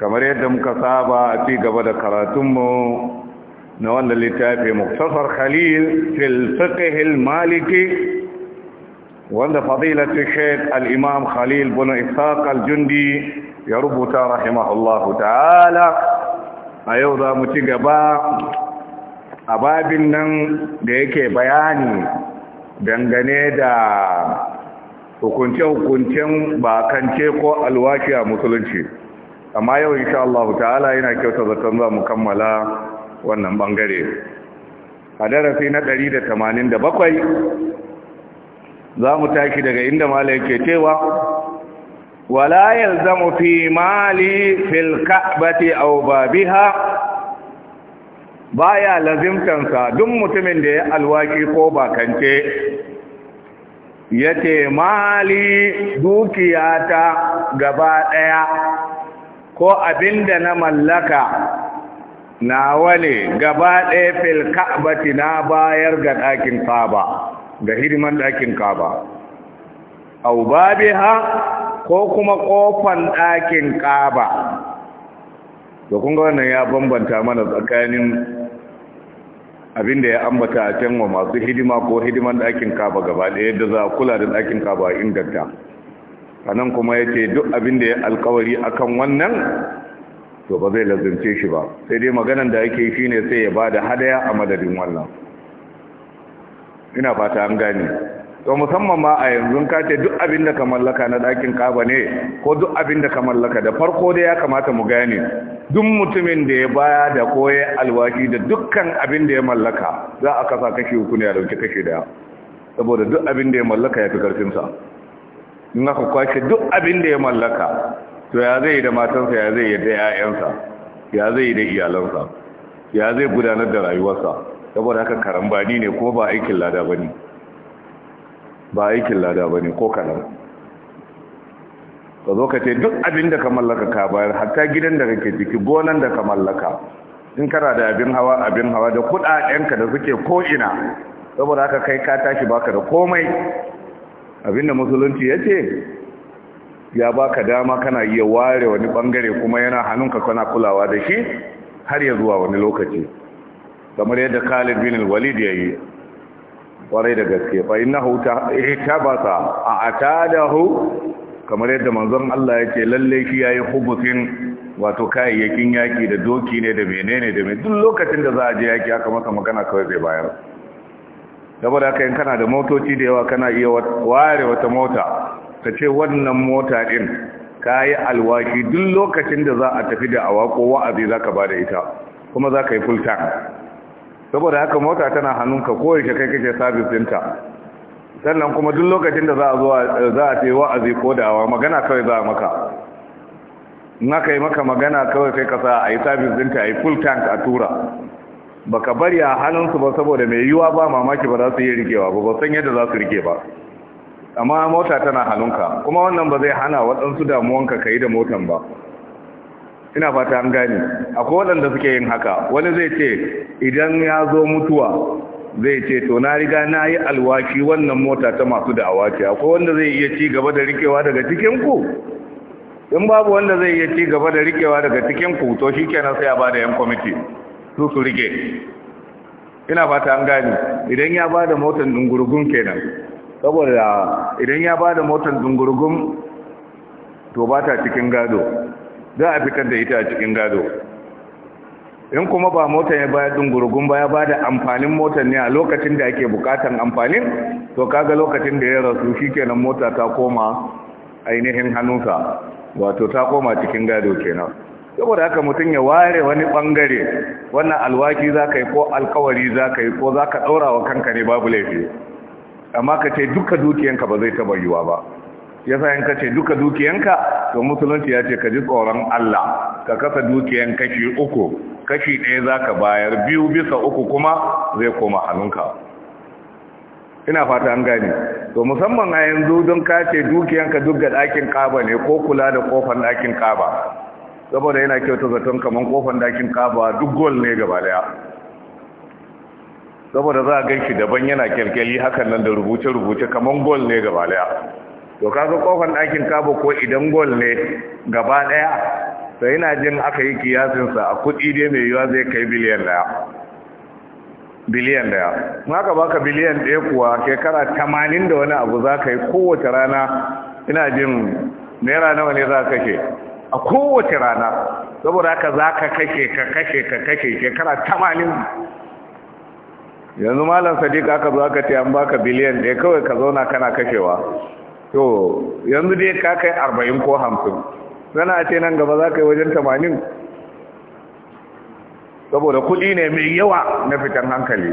kamar yadda muka saba a ci gaba da karatunmu na wanda littafi muktasar khalil fil fiqhil maliki wanda fadilatu shaykh al-imam khalil bin ishaq al-jundi ya rubuta rahimahullah ta'ala a yau za mu ci gaba a babin nan da yake bayani dangane da hukunce-hukuncen bakance ko alwashi a musulunci amma yau insha Allah ta'ala yana kyauta zaton za mu kammala wannan bangare a darasi na 187 za mu tashi daga inda mala yake cewa wala mu fi mali fil ka'bati ha. Ba baya lazimtansa duk mutumin da ya alwaki ko bakance ce mali dukiyata gaba ɗaya. ko abinda na mallaka na ne gaba ɗaya fil ka'abati na bayar ga ɗakin kaba ga hidiman ɗakin kaba au ha, ko kuma ƙofan ɗakin kaba to kun wannan ya bambanta mana tsakanin abin da ya ambata a can wa masu hidima ko hidiman ɗakin kaba gaba ɗaya yadda za a kula da ɗakin kaba a inganta anan kuma yace duk abin da ya alkawari akan wannan to ba zai lazimce shi ba sai dai maganan da yake shine sai ya ba da hadaya a madadin wannan ina fata an gane to musamman ma a yanzu ka ce duk abin da ka mallaka na ɗakin kaba ne ko duk abin da ka mallaka da farko da ya kamata mu gane duk mutumin da ya baya da koye alwashi da dukkan abin da ya mallaka za a kasa kashi uku a dauki kashi daya saboda duk abin da ya mallaka ya fi ƙarfinsa. na ku kwashe duk abin da ya mallaka to ya zai yi da matansa ya zai yi da 'ya'yansa ya zai yi da iyalansa ya zai gudanar da rayuwarsa saboda haka karambani ne ko ba aikin lada bane ba aikin lada bane ko kadan ka zo ka ce duk abin da ka mallaka ka bayar hatta gidan da kake ciki gonan da ka mallaka in kana da abin hawa abin hawa da ka da suke ko ina saboda haka kai ka tashi baka da komai abinda musulunci ya ce ya baka dama kana iya ware wani bangare kuma yana hannunka kana kulawa da shi har ya zuwa wani lokaci kamar yadda Khalid bin Walid ya yi kwarai da gaske fa innahu ihtabasa eh, atadahu kamar yadda manzon Allah yake lalle shi yayi hubusin wato kayayyakin yaki da doki ne da menene da me duk lokacin da za a je yaki aka masa magana kawai zai bayar saboda haka in kana da motoci da yawa kana iya ware wata mota ka ce wannan mota din ka yi alwaki duk lokacin da za a tafi da awa ko wa'azi za ka ba da ita kuma za ka yi full tank saboda haka mota tana hannunka koyaushe kai kake sabis dinta sannan kuma duk lokacin da za a zuwa za a ce wa'azi ko da awa magana kawai za a maka in aka yi maka magana kawai sai ka sa a yi sabis dinta a yi full tank a tura baka bari a hannunsu ba saboda mai yiwuwa ba mamaki ba za su yi rikewa ba ba san yadda za su rike ba amma mota tana hannunka kuma wannan ba zai hana waɗansu damuwanka ka yi da motan ba ina fata an gane akwai waɗanda suke yin haka wani zai ce idan ya zo mutuwa zai ce to na riga na yi alwaki wannan mota ta masu da'awa ce akwai wanda zai iya ci gaba da rikewa daga cikin ku in babu wanda zai iya ci gaba da rikewa daga cikin ku to kenan sai a bada yan kwamiti su su rike ina fata an gani idan ya ba da dungurgun kenan saboda idan ya ba da dungurgun to ba ta cikin gado za a fitar da ita a cikin gado in kuma ba motan ya bada dungurgun ba ya ba da amfanin motan ne a lokacin da ake bukatan amfanin to kaga lokacin da ya rasu shi kenan mota ta koma ainihin hannunsa wato ta koma cikin gado kenan saboda haka mutum ya ware wani bangare wannan alwaki za ka yi ko alkawari za ka yi ko za ka ɗaura wa kanka ne babu laifi amma ka ce duka dukiyanka ba zai taɓa yiwa ba ya sayan ka ce duka dukiyanka to musulunci ya ce ka ji tsoron Allah ka kasa dukiyan kashi uku kashi ɗaya za ka bayar biyu bisa uku kuma zai koma hannunka ina fata an gani to musamman a yanzu don ka ce dukiyanka duk ga ɗakin kaba ne ko kula da kofar ɗakin kaba saboda yana kyauta zaton kamar kofan dakin kaba duk gol ne gaba daya saboda za a gan shi daban yana kyalkyali hakan nan da rubuce-rubuce kamar gol ne gaba daya to kaga kofan dakin kaba ko idan gol ne gaba daya to yana jin aka yi kiyasinsa a kudi dai mai yiwa zai kai biliyan daya biliyan daya aka baka biliyan daya kuwa shekara tamanin da wani abu za ka yi kowace rana ina jin naira nawa ne za ka kashe a kowace rana saboda haka za ka kashe ka kashe ka kashe shekara tamanin yanzu malam sadiq aka zo aka ce an baka biliyan ɗaya kawai ka zauna kana kashewa to yanzu dai ka kai arba'in ko hamsin zana ce nan gaba za ka yi wajen tamanin saboda kuɗi ne mai yawa na fitan hankali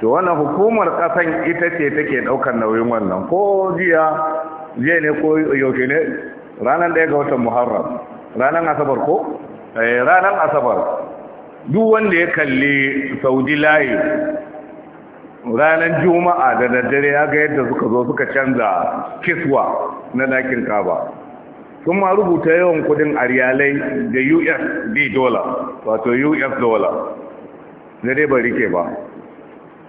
to wannan hukumar ƙasan ita ce take ɗaukar nauyin wannan ko jiya jiya ne ko yaushe ne ranar ɗaya ga watan muharram ranar asabar ko eh, ranar asabar duk wanda ya kalli saudi layi ranar juma'a da daddare ya ga yadda suka zo suka canza kiswa na dakin kaba sun ma rubuta yawan kudin a riyalai da usd dollar wato us dollar da dai bari ke ba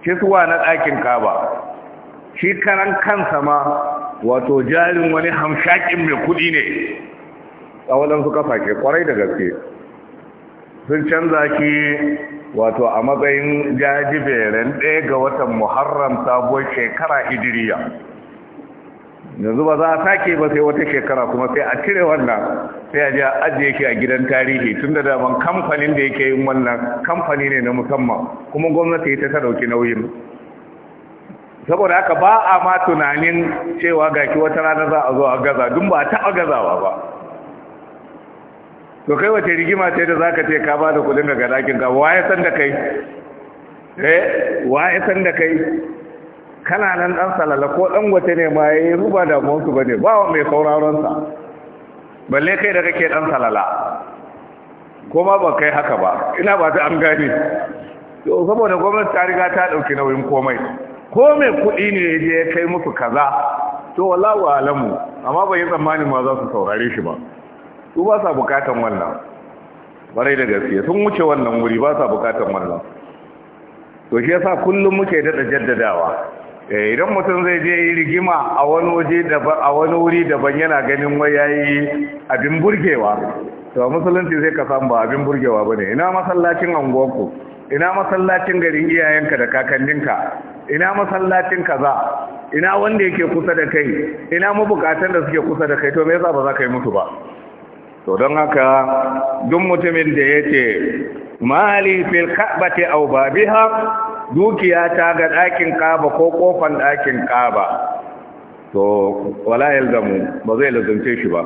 kiswa na dakin kaba shi karan kansa ma wato jarin wani hamshakin mai kudi ne a waɗansu kasashe kwarai da gaske sun canza ki wato a matsayin jajiberen ɗaya ga watan muharram sabuwar shekara Idiriya. yanzu ba za a sake ba sai wata shekara kuma sai a cire wannan sai a ji ajiye shi a gidan tarihi tun da daman kamfanin da yake yin wannan kamfani ne na musamman kuma gwamnati ta ta dauki nauyin saboda haka ba a ma tunanin cewa gaki wata rana za a zo a gaza dun ba a taɓa gazawa ba to kai wace rigima ce da za ka ce ka ba da kudin daga dakinka wa ya san da kai eh wa ya san da kai kana nan ɗan salala ko ɗan wata ne ma ya yi ruba damuwarsu ba ne ba wa mai sa. balle kai da kake ɗan salala ko ma ba kai haka ba ina ba ta an gane to saboda gwamnati ta riga ta ɗauki nauyin komai ko mai kuɗi ne ya je ya kai musu kaza to wallahu alamu amma bai tsammani ma za su saurare shi ba su ba sa bukatan wannan barai da gaske sun wuce wannan wuri ba sa bukatan wannan to shi yasa kullum muke daɗa jaddadawa eh, idan mutum zai je yi rigima a wani waje a wani wuri daban yana ganin wai yayi abin burgewa to musulunci zai ka san ba abin burgewa bane ina masallacin anguwanku ina masallacin garin iyayenka da kakanninka ina masallacin kaza ina wanda yake kusa da kai ina mabukatan da suke kusa da kai to me yasa ba za ka yi mutu ba to don haka duk mutumin da yace mali fil ka'bati aw babiha dukiya ta ga ɗakin kaba ko kofan ɗakin kaba to wala yalzamu ba zai lazunce shi ba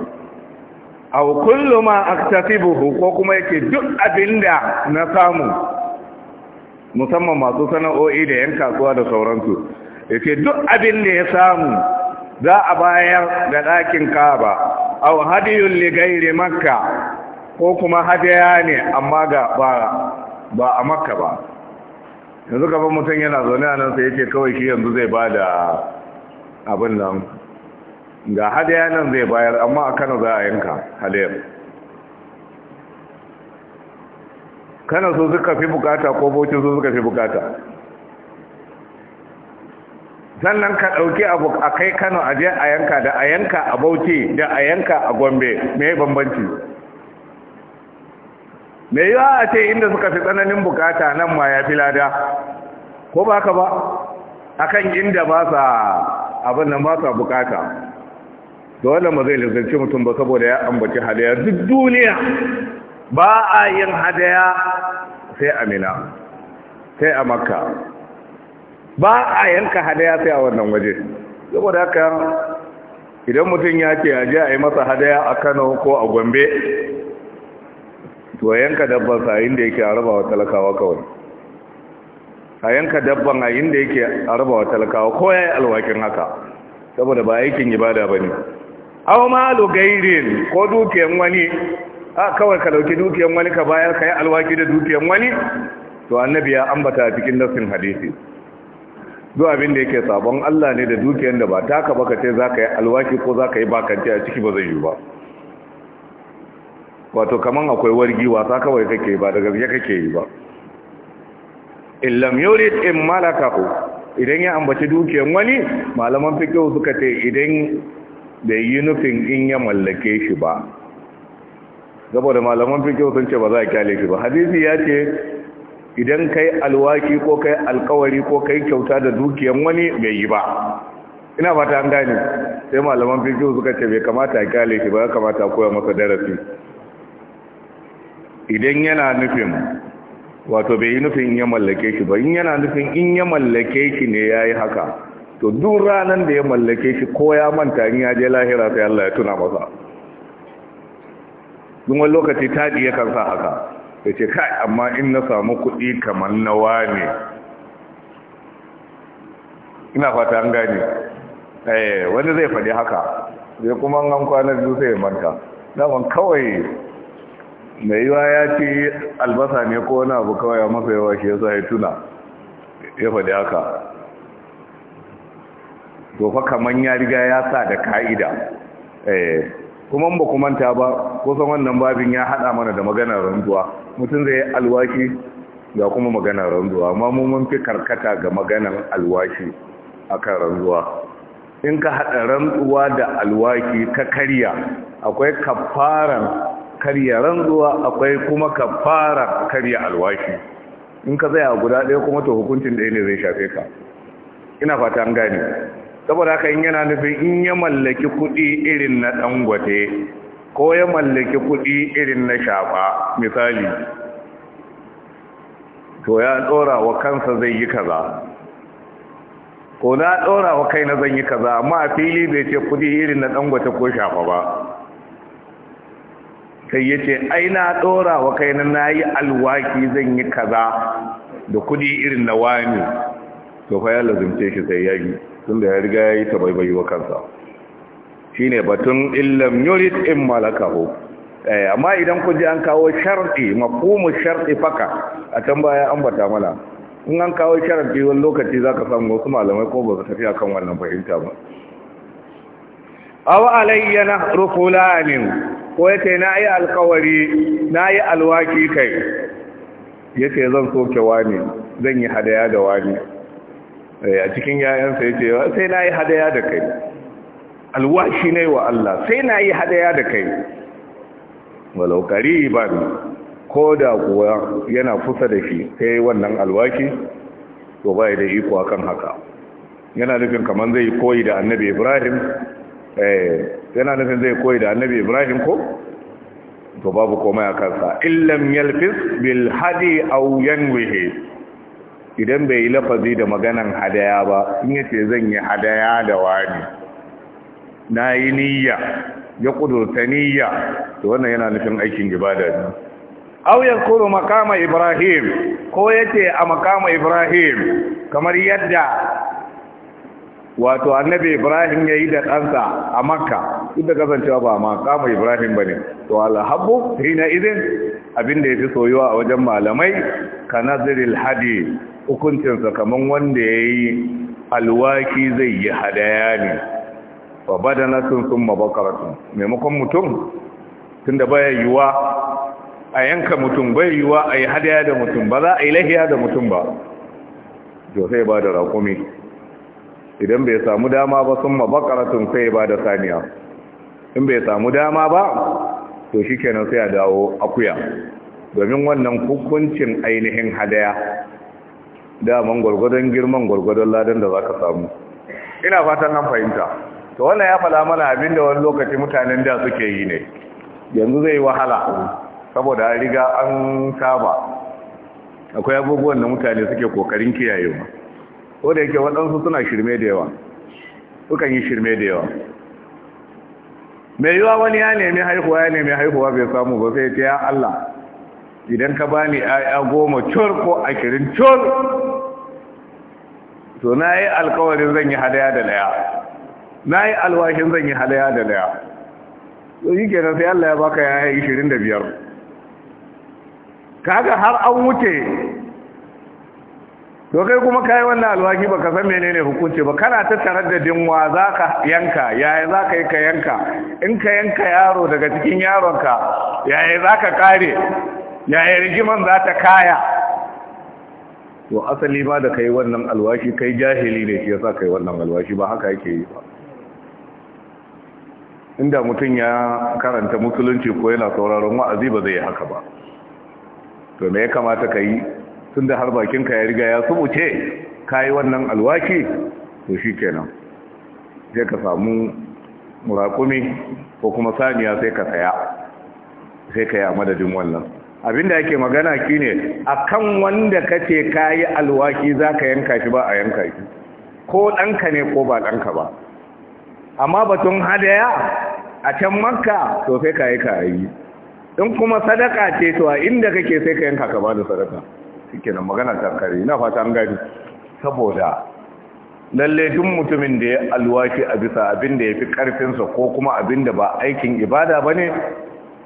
aw kullu ma aktasibuhu ko kuma yake duk abinda na samu musamman masu sana'o'i da yan kasuwa da sauransu ya duk abin da ya samu za a bayar da ɗakin kaba A hadiyun ligairi makka ko kuma hadiya ne amma ga ba a makka ba yanzu gaba mutum yana zaune a nan sai yake kawai shi yanzu zai ba da abin nan ga hadiya nan zai bayar amma a kano za a yanka hadayar kana so suka fi bukata ko bauchi so suka fi bukata sannan ka ɗauki abu a kai kano a je a yanka da a yanka a bauchi da a yanka a gombe mai bambanci mai yi a ce inda suka fi tsananin bukata nan ma ya fi lada ko ba ka ba akan inda ba sa abin nan ba sa bukata da wannan zai lizarci mutum ba saboda ya ambaci halayya duk duniya ba a yin hadaya sai a mina sai a makka ba a yanka hadaya sai a wannan waje saboda haka idan mutum ya ce aje a yi masa hadaya a kano ko a gombe to yanka dabban sa inda yake a wa talakawa kawai a yanka dabban a inda yake a wa talakawa ko ya yi alwakin haka saboda ba aikin ibada ba ne au malu gairin ko dukiyan wani a kawai ka dauki dukiyan wani ka bayar ka yi alwaki da dukiyan wani to annabi ya ambata cikin nassin hadisi duk abin da yake sabon Allah ne da dukiyan da ba taka ba ka ce za ka yi alwaki ko za ka yi bakanci a ciki ba zai yi ba wato kaman akwai wargi wasa kawai kake ba da gaske kake yi ba in lam yurid in malakahu idan ya ambaci dukiyan wani malaman fiqh suka ce idan bai yi nufin in ya mallake shi ba saboda malaman fikihu sun ce ba za a kyale shi ba hadisi ya ce idan kai alwaki ko kai alkawari ko kai kyauta da dukiyan wani bai yi ba ina fata an gane sai malaman fikihu suka ce bai kamata a kyale shi ba ya kamata koya masa darasi idan yana nufin wato bai yi nufin ya mallake shi ba in yana nufin in ya mallake shi ne ya yi haka to duk ranar da ya mallake shi ko ya manta in ya je lahira sai Allah ya tuna masa don wani lokaci taɗi kan sa haka ya ce kai amma in na samu kuɗi kamar nawa ne ina fata an gane eh, wani zai faɗi haka zai kuma an kwanar zuwa sai manta daman kawai mai yiwa ya ci albasa ne ko wani abu kawai a masa yawa shi ya sa ya tuna ya faɗi haka tofa kamar ya riga ya sa da ka'ida eh kuma ba ku manta ba kusan wannan babin ya hada mana da maganar ranzuwa mutum zai alwashi ga kuma maganar ranzuwa amma mu mun fi karkata ga maganar alwashi akan ranzuwa in ka hada ranzuwa da alwashi ka karya akwai kafaran karya ranzuwa akwai kuma kafaran karya alwashi in ka tsaya guda ɗaya kuma to hukuncin ɗaya ne zai shafe ka ina fata an gane saboda haka in yana nufin in ya mallaki kuɗi irin na dangote ko ya mallaki kuɗi irin na shafa misali to ya ɗora wa kansa zai yi kaza ko na ɗora wa kaina zan yi kaza amma a fili bai ce kuɗi irin na dangote ko shafa ba sai ya ce ai na ɗora wa kaina na yi alwaki zan yi kaza da kudi irin na wani to fa ya lazumce shi sai yayi tunda ya riga ya yi tabaibayi wa kansa shi batun illam yurid in malakahu eh, amma idan ku ji an kawo sharti mafhumu sharɗi faka a can baya an bata mana in an kawo sharti wani lokaci zaka samu wasu malamai ko ba su tafi akan wannan fahimta ba aw alayya nahru fulanin ko yace na yi alkawari na yi alwaki kai yace zan soke wani zan yi hadaya da wani Eh, a cikin yayansa ya ce sai na yi hadaya da kai alwashi ne wa Allah sai na yi hadaya da kai ba ne. ko da kuwa yana kusa da shi sai wannan alwashi to ba da iko kan haka yana nufin kamar zai koyi da annabi ibrahim eh yana nufin zai koyi da annabi ibrahim ko to babu komai a kansa illam yalfis bil hadi aw yanwihi idan bai yi lafazi da maganan hadaya ba in yace zan yi hadaya da wani na yi niyya ya kudurta niyya to wannan yana nufin aikin ibada ne aw makama ibrahim ko yace a makama ibrahim kamar yadda wato annabi ibrahim ya yi da ɗansa a makka duk da kasancewa ba makama ibrahim ba ne to alhabu hina idin abinda ya fi soyuwa a wajen malamai ka naziril hadi hukuncinsa kaman wanda ya yi alwaki zai yi hadaya ne ba badana sun sun mabakaratu maimakon mutum tun da baya yiwa a yanka mutum bai yiwa a yi hadaya da mutum ba za a yi lahiya da mutum ba josai ba da raƙumi idan bai samu dama ba sun mabakaratu sai ba da saniya in bai samu dama ba to shi kenan sai a dawo akuya domin wannan hukuncin ainihin hadaya daman gwargwadon girman gwargwadon ladan da za ka samu ina fatan an fahimta to wannan ya fada mana abin da wani lokaci mutanen da suke yi ne yanzu zai wahala saboda an riga an saba akwai abubuwan da mutane suke kokarin kiyayewa ko da yake waɗansu suna shirme da yawa sukan yi shirme da yawa mai yiwa wani ya nemi haihuwa ya nemi haihuwa bai samu ba sai ta ya Allah idan ka bani aya goma cur ko ashirin cur to na yi alkawarin zan yi hadaya da laya na yi alwashin zan yi hadaya da laya to yi kenan sai Allah ya baka yaya ishirin da biyar kaga har an wuce to kai kuma kai wannan alwaki baka san menene hukunci ba kana ta tarar da dinwa zaka yanka yaya zaka yi ka yanka in ka yanka yaro daga cikin yaronka yaya zaka kare yaya rigiman za ta kaya to asali ba da kai wannan alwashi kai jahili ne shi yasa kai wannan alwashi ba haka yake yi ba inda mutum ya karanta musulunci ko yana sauraron wa'azi ba zai haka ba to me ya kamata ka yi tun da har bakinka ya riga ya subuce ka yi wannan alwashi to shi kenan sai ka samu murakumi ko kuma saniya sai ka saya sai ka yi a madadin wannan Abin da yake magana a akan wanda kace kayi alwaki zaka yanka shi ba a yanka shi ko danka ne ko ba danka ba amma batun hadaya a can makka to sai kayi kayi in kuma sadaka ce to a inda kake sai ka yanka ka ba da sadaka shikenan magana tankare ina fata an gani saboda lalle duk mutumin da ya alwaki a bisa abin da ya fi karfinsa ko kuma abin da ba aikin ibada ba ne.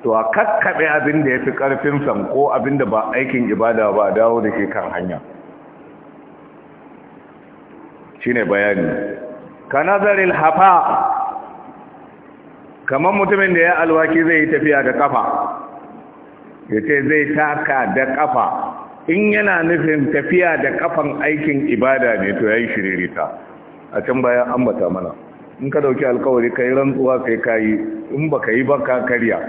to a kakkaɓe abin da ya fi ƙarfin ko abin da ba aikin ibada ba dawo da ke kan hanya shi ne bayani ka nazarin hafa kamar mutumin da ya alwaki zai yi tafiya da kafa ya ce zai taka da kafa in yana nufin tafiya da kafan aikin ibada ne to ya yi shiririta a can bayan ambata mana in ka dauki alkawari ka yi rantsuwa kai kayi in ba ka yi ba ka karya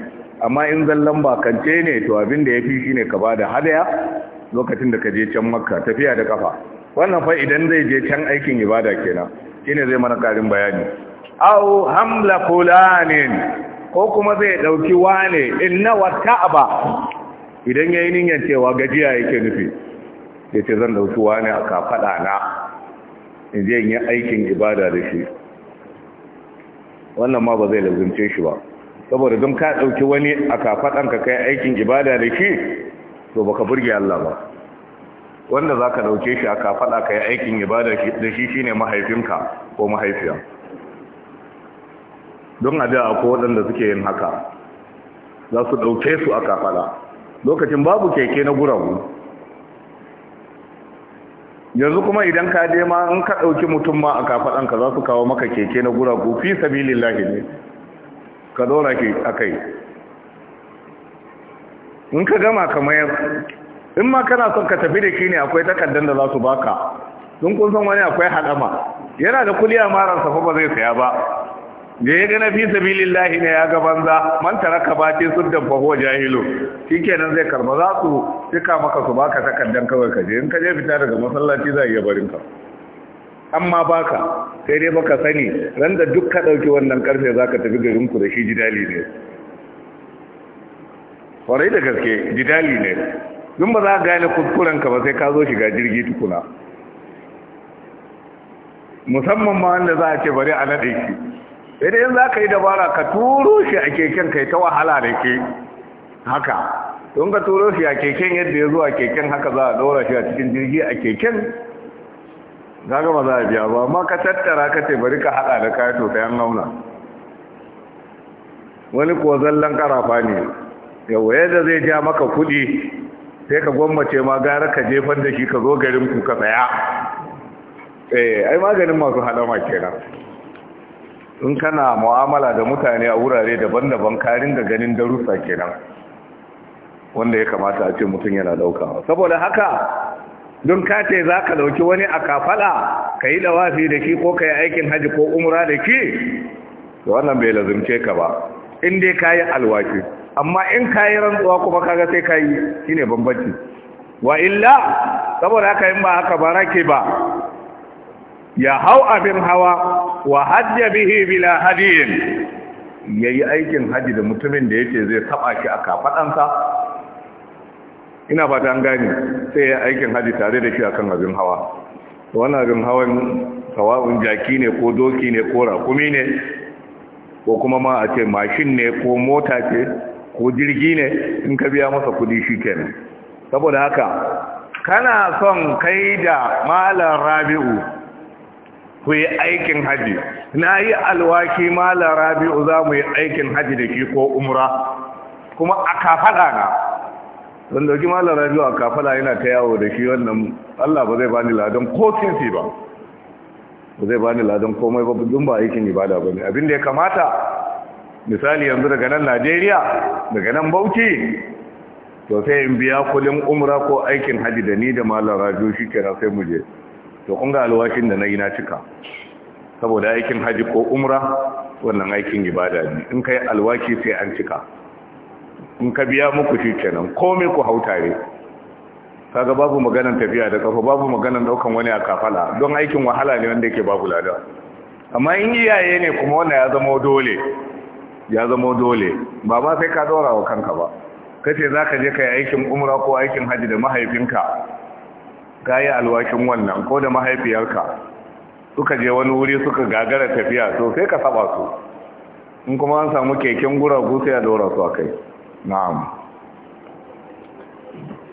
amma in zallan kance ne to abin da ya fi shi ne ka ba da hadaya lokacin da ka je can makka tafiya da kafa wannan fa idan zai je can aikin ibada kenan shine zai mana karin bayani Au hamla fulanin ko kuma zai dauki wane inna ta'aba? idan yayin niyyar cewa gajiya yake nufi yace zan dauki wane a kafada na in je in yi aikin ibada da shi wannan ma ba zai lazumce shi ba saboda don ka ɗauki wani a kafaɗanka kai aikin ibada da shi to baka burge Allah ba wanda za ka ɗauke shi a kafaɗa kai aikin ibada da shi shine mahaifinka ko mahaifiya don a akwai ko waɗanda suke yin haka za su ɗauke su a kafaɗa lokacin babu keke na guragu yanzu kuma idan ka dai ma in ka ɗauki mutum ma a kafaɗanka za su kawo maka keke na guragu fi sabilillahi ne ka zauna ke a kai in ka gama ka mayar in ma kana son ka tafi da ke ne akwai takardar da za su baka Sun kun san wani akwai haɗama yana da kuliya marar Safa ba zai saya ba da ya gana fi sabilillahi ne ya ga banza man taraka ba ce sun da jahilu kenan zai karba za su cika maka su baka takardar kawai ka je in ka je fita daga masallaci za a iya barin ka amma baka sai dai baka sani ran da duk ka ɗauki wannan karfe zaka tafi garinku da shi jidali ne kwarai da gaske jidali ne dun ba za ka gane kuskurenka ba sai ka zo shiga jirgi tukuna musamman ma wanda za a ce bari a naɗe shi sai dai za ka yi dabara ka turo shi a keken kai ta wahala da ke haka don ka turo shi a keken yadda ya zo a keken haka za a ɗora shi a cikin jirgi a keken gaga ba za a biya ba amma ka tattara ka ce bari ka haɗa da kayato sosai an launa wani kuwa zallan karafa ne yawa yadda zai ja maka kuɗi sai ka gwammace ma gara ka jefan da shi ka zo garin ku ka tsaya eh ai maganin masu hadama kenan in kana mu'amala da mutane a wurare daban-daban karin da ganin darussa kenan wanda ya kamata a ce mutum yana ɗauka saboda haka don ka ce za ka dauki wani a kafala ka yi dawafi da shi ko ka yi aikin haji ko umura da shi wannan bai lazumce ka ba in dai ka yi alwaki amma in ka yi rantsuwa kuma kaga sai ka yi shi ne bambanci wa illa saboda haka in ba haka ba rake ba ya hau abin hawa wa hajja bihi bila hadiyin ya yi aikin haji da mutumin da yake zai taba shi a kafaɗansa ina fata an gani sai ya aikin haji tare da shi akan abin hawa wannan abin hawan tawa'un jaki ne ko doki ne ko rakumi ne ko kuma ma a ce mashin ne ko mota ce ko jirgi ne in ka biya masa kudi shi kenan saboda haka kana son kai da malar rabi'u ku yi aikin haji na yi alwaki malar rabi'u za mu yi aikin haji da shi ko umra kuma a kafaɗa na don dauki malar rabiu a kafala yana ta yawo da shi wannan allah ba zai bani ladan ko kinsi ba ba zai bani ladan komai ba dun ba aikin ibada ba ne abin da ya kamata misali yanzu daga nan najeriya daga nan bauchi to sai in biya kudin umra ko aikin haji da ni da malar rabiu shi kira sai mu je to kun ga alwashin da na yi na cika saboda aikin haji ko umra wannan aikin ibada ne in kai alwaki sai an cika in ka biya muku shi kenan komai ku hau tare kaga babu maganan tafiya da kafa babu maganan daukan wani a kafala don aikin wahala ne wanda yake babu lada amma in iyaye ne kuma wanda ya zama dole ya zama dole ba sai ka dora wa kanka ba kace zaka je kai aikin umra ko aikin haji da mahaifinka kai alwashin wannan ko da mahaifiyarka suka je wani wuri suka gagara tafiya to sai ka saba su in kuma an samu keken guragu sai ya dora su akai na'am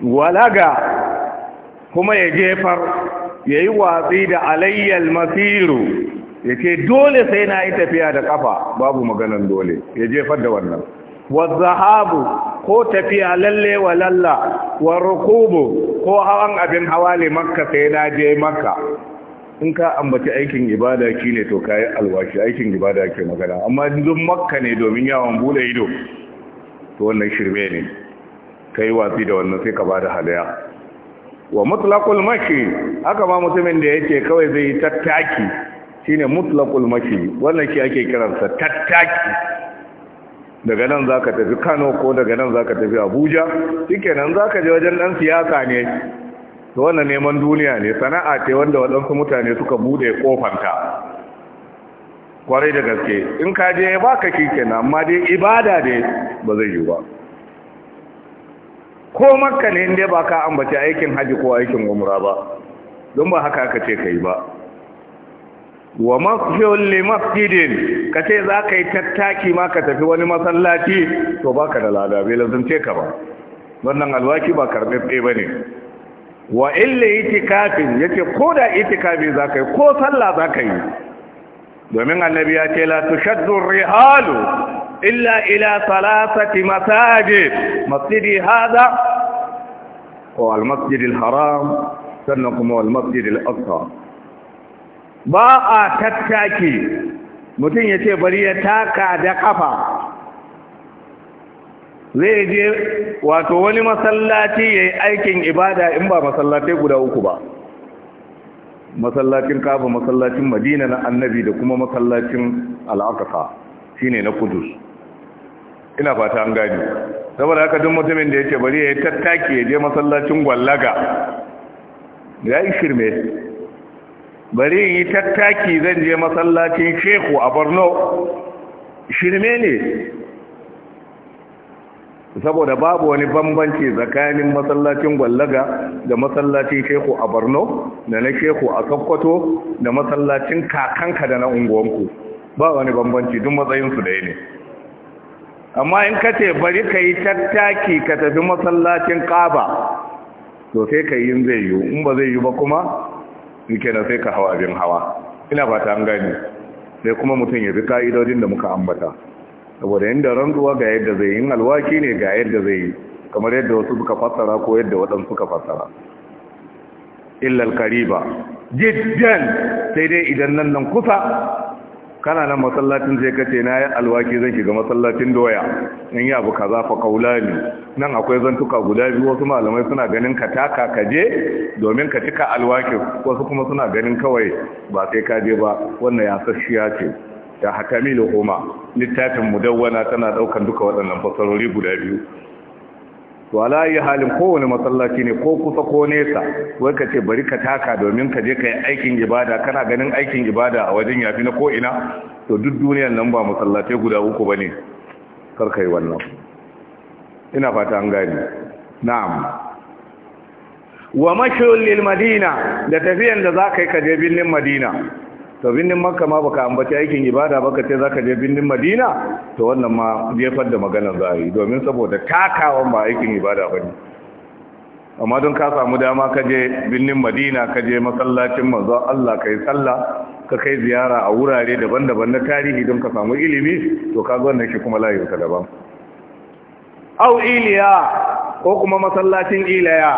walaga kuma ya jefar ya yi watsi da alayyal masiru ya ce dole sai na yi tafiya da kafa babu maganan dole ya jefar da wannan wazahabu ko tafiya lalle wa lalla wa rukubu ko hawan abin hawa ne makka sai na je makka in ka ambaci aikin ibada ki ne to kayi alwashi aikin ibada ke magana amma duk makka ne domin yawon bude ido to wannan shirme ne Ka yi watsi da wannan sai ka ba da halaya wa mutlaƙul mashi haka ma mutumin da yake kawai zai yi tattaki shi shine mutlaƙul mashi wannan shi ake kiransa tattaki daga nan za ka tafi Kano ko daga nan za ka tafi Abuja za zaka je wajen ɗan siyasa ne to wannan neman duniya ne sana'a ce wanda waɗansu mutane suka bude ƙofanta kwarai da gaske in ka je ya baka kikena amma dai ibada dai ba zai yi ba ko makka ne inda ba ka ambaci aikin haji ko aikin umra ba don ba haka aka ce ka yi ba wa mafiyun limafidin ka ce za ka yi tattaki ma ka tafi wani masallaci to ba ka da lada bai ce ka ba wannan alwaki ba karɓaɓɓe ba ne wa illa itikafin yace ko da itikafi za ka yi ko sallah za ka yi domin annabi ya ce la tushaddu rihalu illa ila salasati masajid masjidi hada wa al-masjid al-haram sannan kuma wal masjid al-aqsa ba a tattaki mutum ya ce bari ya taka da kafa zai je wato wani masallaci ya yi aikin ibada in ba masallatai guda uku ba masallacin kafa masallacin madina na annabi da kuma masallacin al'akasa shine na kudus ina fata an gani saboda haka duk mutumin da yake bari ya yi tattaki ya je masallacin gwallaga ya yi shirme bari yi tattaki zan je masallacin sheku a borno shirme ne saboda babu wani bambanci tsakanin masallacin gwallaga da masallacin sheku a borno da na sheku a sokoto da masallacin kakanka da na unguwanku ba wani bambanci duk matsayinsu da ne amma in ka ce bari ka yi tattaki ka tafi masallacin kaba to sai ka yi zai yi. in ba zai yi ba kuma yake na sai ka hawa abin hawa ina ba ta an gani sai kuma mutum ya bi ka'idodin da muka ambata saboda inda rantsuwa ga yadda zai yi alwaki ne ga yadda zai yi kamar yadda wasu suka fassara ko yadda waɗansu suka fassara illal kariba jidjan sai dai idan nan nan kusa kana nan masallacin sai kace na yi alwaki zan shiga masallacin doya in yi abu kaza fa kaulani nan akwai zantuka guda biyu wasu malamai suna ganin ka taka ka je domin ka cika alwakin wasu kuma suna ganin kawai ba sai ka je ba wannan ya sashiya ce da hakamilu homa littafin mudawwana tana daukan duka waɗannan fasarori guda biyu to ala yi halin kowane masallaci ne ko kusa ko nesa wai ka ce bari ka taka domin ka je ka yi aikin ibada kana ganin aikin ibada a wajen yafi na ko ina to duk duniyar nan ba masallatai guda uku bane karka yi wannan ina fata an gani na'am wa mashhur lil madina da tafiyan da zaka yi ka je birnin madina to binnin makka ma baka ambaci aikin ibada baka ce zaka je binnin madina to wannan ma jefar da maganar za a domin saboda takawan ba aikin ibada ba ne amma don ka samu dama ka je binnin madina ka je masallacin manzon Allah kai sallah ka kai ziyara a wurare daban-daban na tarihi don ka samu ilimi to ka ga wannan shi kuma layinka daban au iliya ko kuma masallacin ilaya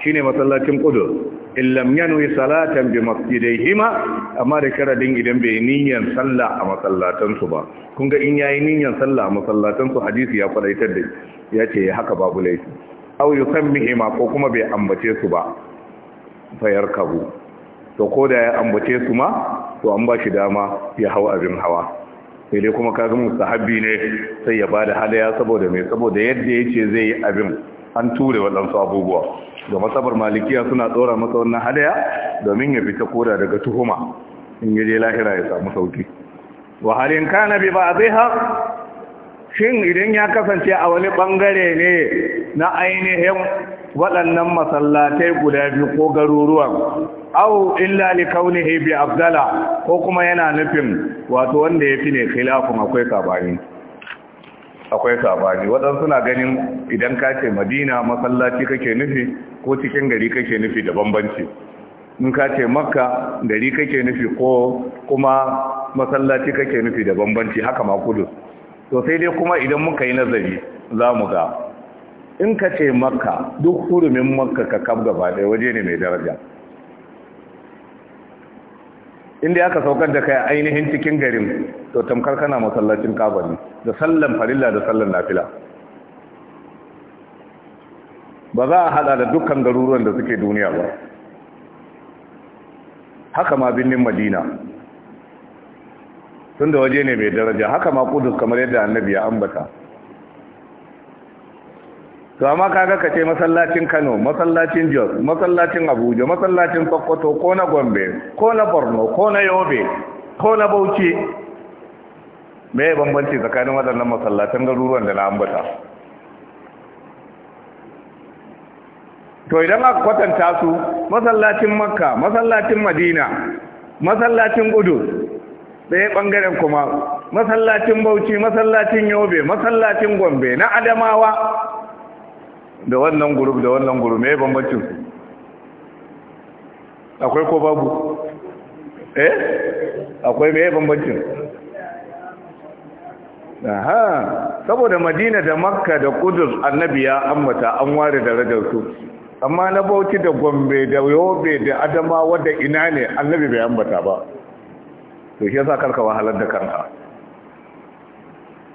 shine masallacin kudur illam yanwi salatan bi masjidayhima amma da karadin idan bai niyyar sallah a masallatan su ba kun ga in yayi niyyar sallah a masallatan su hadisi ya fadaitar da yace haka babu laifi aw yusammihima ko kuma bai ambace su ba fayar kabu to ko da ya ambace su ma to an ba shi dama ya hau abin hawa sai dai kuma kaga sahabbi ne sai ya bada halaya saboda me saboda yadda yace zai yi abin an ture waɗansu abubuwa ga matsabar malikiya suna tsora masa wannan hadaya domin ya fita koda daga tuhuma in je lahira ya samu sauki wa halin kana bi har? shin idan ya kasance a wani bangare ne na ainihin waɗannan masallatai guda biyu ko garuruwan au illa li kaunihi bi afdala ko kuma yana nufin wato wanda ya fi ne khilafun akwai sabani akwai sabani waɗansu suna ganin idan ka ce madina masallaci kake nufi ko cikin gari kake nufi da bambanci in ka ce makka gari kake nufi ko kuma masallaci kake nufi da bambanci haka ma kudu to sai dai kuma idan muka yi nazari za mu ga in ka ce makka duk hurumin makka ka kaf gaba ɗaya waje ne mai daraja inda aka saukar da kai ainihin cikin garin to tamkar kana masallacin kabari da sallan farilla da sallan nafila ba za a hada da dukkan garuruwan da suke duniya ba haka ma birnin madina tun waje ne mai daraja haka ma kudus kamar yadda annabi ya ambata to amma kaga ka ce masallacin Kano masallacin Jos masallacin Abuja masallacin Sokoto ko na Gombe ko na Borno ko na Yobe ko na Bauchi me ya bambanci tsakanin waɗannan masallatan garuruwan da na ambata to idan aka kwatanta su masallacin Makka masallacin Madina masallacin Udus ɗaya ɓangaren kuma masallacin Bauchi masallacin Yobe masallacin Gombe na Adamawa da wannan gurub da wannan gurub me bambancin su akwai ko babu eh akwai me bambancin aha saboda madina da makka da kudus annabi ya ambata an ware darajar su amma na bauchi da gombe da yobe da adamawa da ina ne annabi bai ambata ba to shi yasa karka wahalar da kanka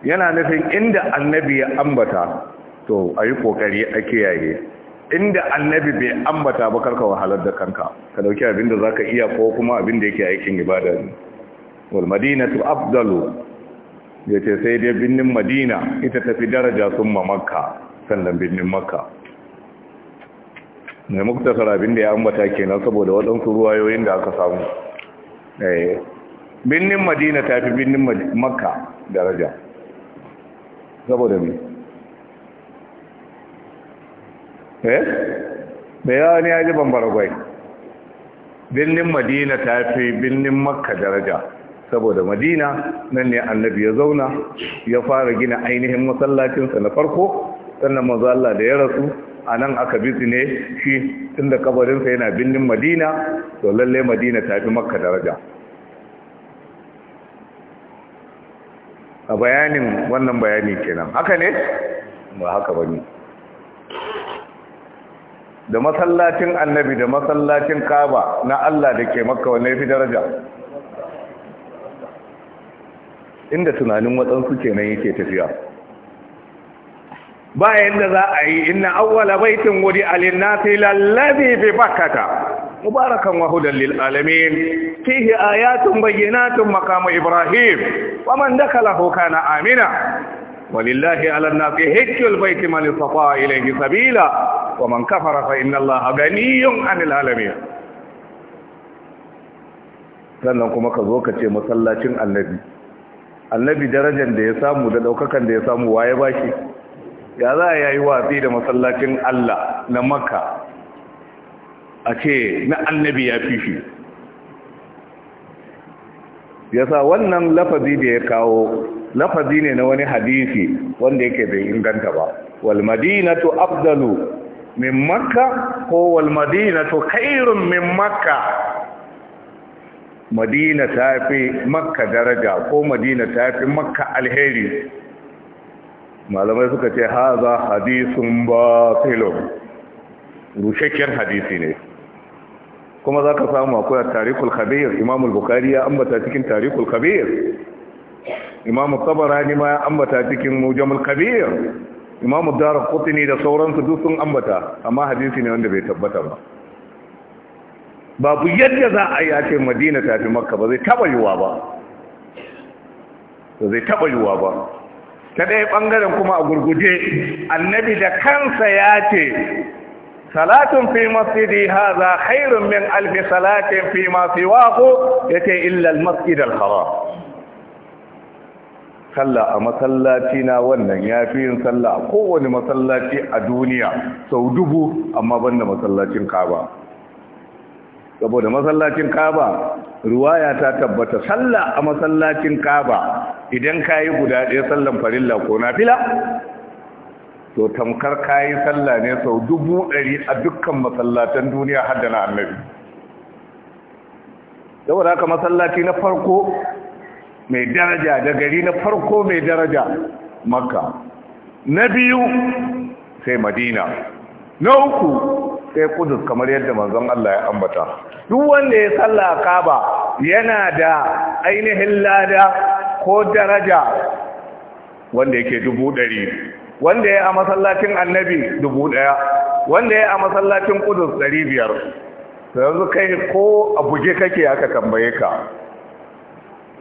yana nufin inda annabi ya ambata to a yi kokari a kiyaye inda annabi bai ambata ba karka wahalar da kanka ka dauki abin da zaka iya ko kuma abin da yake aikin ibada ne wal madinatu afdalu yace sai dai binnin madina ita tafi daraja ma makka sannan binnin makka Mai muktasar abin da ya ambata kenan saboda waɗansu ruwayoyin da aka samu eh binnin madina tafi binnin makka daraja saboda mai eh da yawa ne ya ji bambaragwai birnin madina ta fi birnin makka daraja saboda madina nan ne annabi ya zauna ya fara gina ainihin masallacinsa na farko sannan mazalla da ya rasu a nan aka bisu ne shi tunda kabarinsa yana birnin madina to lalle madina ta fi makka daraja a bayanin wannan bayani kenan haka ne ba haka bane da masallacin annabi da masallacin kaba na Allah da ke makka wane fi daraja inda tunanin waɗansu ke nan yake tafiya bayan da za a yi ina awwala baitin wuri alinnati lallabi bi bakata mubarakan wahudan lil alamin fihi ayatun bayyinatun maqamu ibrahim wa man dakalahu kana amina walillahi ala an-nasi hajjul bayti man istata sabila wa man kafara fa inna Allah ganiyun anil alamin sannan kuma ka zo ka ce masallacin annabi annabi darajar da ya samu da daukakan da ya samu waye bashi ya za a yi watsi da masallacin Allah na makka a ce na annabi ya fi shi yasa wannan lafazi da ya kawo lafazi ne na wani hadisi wanda yake bai inganta ba wal madinatu afdalu min makka ko wal madina to kairun min makka madina ta fi makka daraja ko madina ta fi makka alheri malamai suka ce haza hadisun batilun rushakkiyar hadisi ne kuma za ka samu akwai tarikul khabir imam bukari ya ambata cikin tarikul khabir imam kabarani ma ya ambata cikin mujamul kabir imamu darar kutini da sauransu duk sun ambata amma hadisi ne wanda bai tabbata ba babu yadda za a yi ake madina tafi makka ba zai taba yiwa ba zai taba yiwa ba ta ɗaya ɓangaren kuma a gurguje annabi da kansa ya ce salatun fi masjidi haza khairun min alfi salatin fi ma siwahu yace illa al hawa. haram Salla a masallaci na wannan ya fi yin salla a kowane masallaci a duniya sau dubu amma banda masallacin kaba saboda masallacin kaba ruwa ya ta tabbata sallah a masallacin kaba idan ka yi guda ɗaya sallan farilla ko na fila to tamkar ka yi sallah ne sau dubu ɗari a dukkan masallatan duniya haddana annabi saboda haka masallaci na farko mai daraja da gari na farko mai daraja makka na biyu sai madina na uku sai kudus kamar yadda manzon Allah ya ambata duk wanda ya salla kaba yana da ainihin lada ko daraja wanda yake dubu ɗari wanda ya a masallacin annabi dubu ɗaya wanda ya a masallacin kudus ɗari biyar sai yanzu kai ko a buge kake aka tambaye ka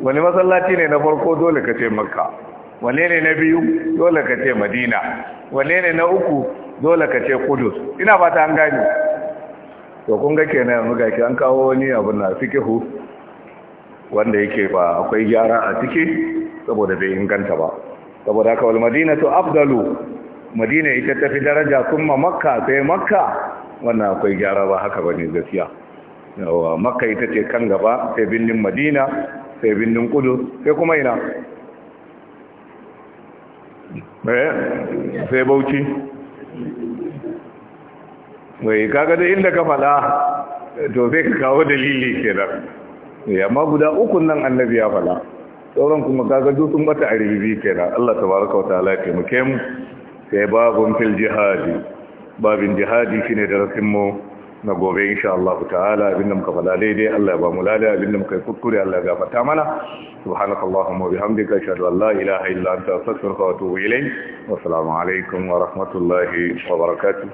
wani masallaci ne na farko dole ka ce makka wane ne na biyu dole ka ce madina wane ne na uku dole ka ce kudus ina ba ta an gani to kun ga na yanzu ga ki an kawo wani abu na fikihu wanda yake ba akwai gyara a ciki saboda bai inganta ba saboda haka wal to Abdalu madina ita ta fi daraja ma makka sai makka wannan akwai gyara ba haka bane gaskiya makka ita ce kan gaba sai binnin madina sai bindin kudu sai kuma ina eh, sai bauchi wai kaga da inda ka fada to sai ka kawo dalili kenan, ya eh, amma guda uku nan annabi ya fada sauran kuma kaga dutsun bata a kenan Allah ta wa ta'ala ya muke mu sai babun fil jihadi babin jihadi shine darasin mu na gobe insha Allah ta'ala abinda muka fada daidai Allah ya ba mu lada abinda muka yi kuskure Allah ya gafarta mana subhanaka allahumma wa bihamdika ashhadu an la ilaha illa anta astaghfiruka wa atubu ilayk wa assalamu alaikum wa rahmatullahi wa barakatuh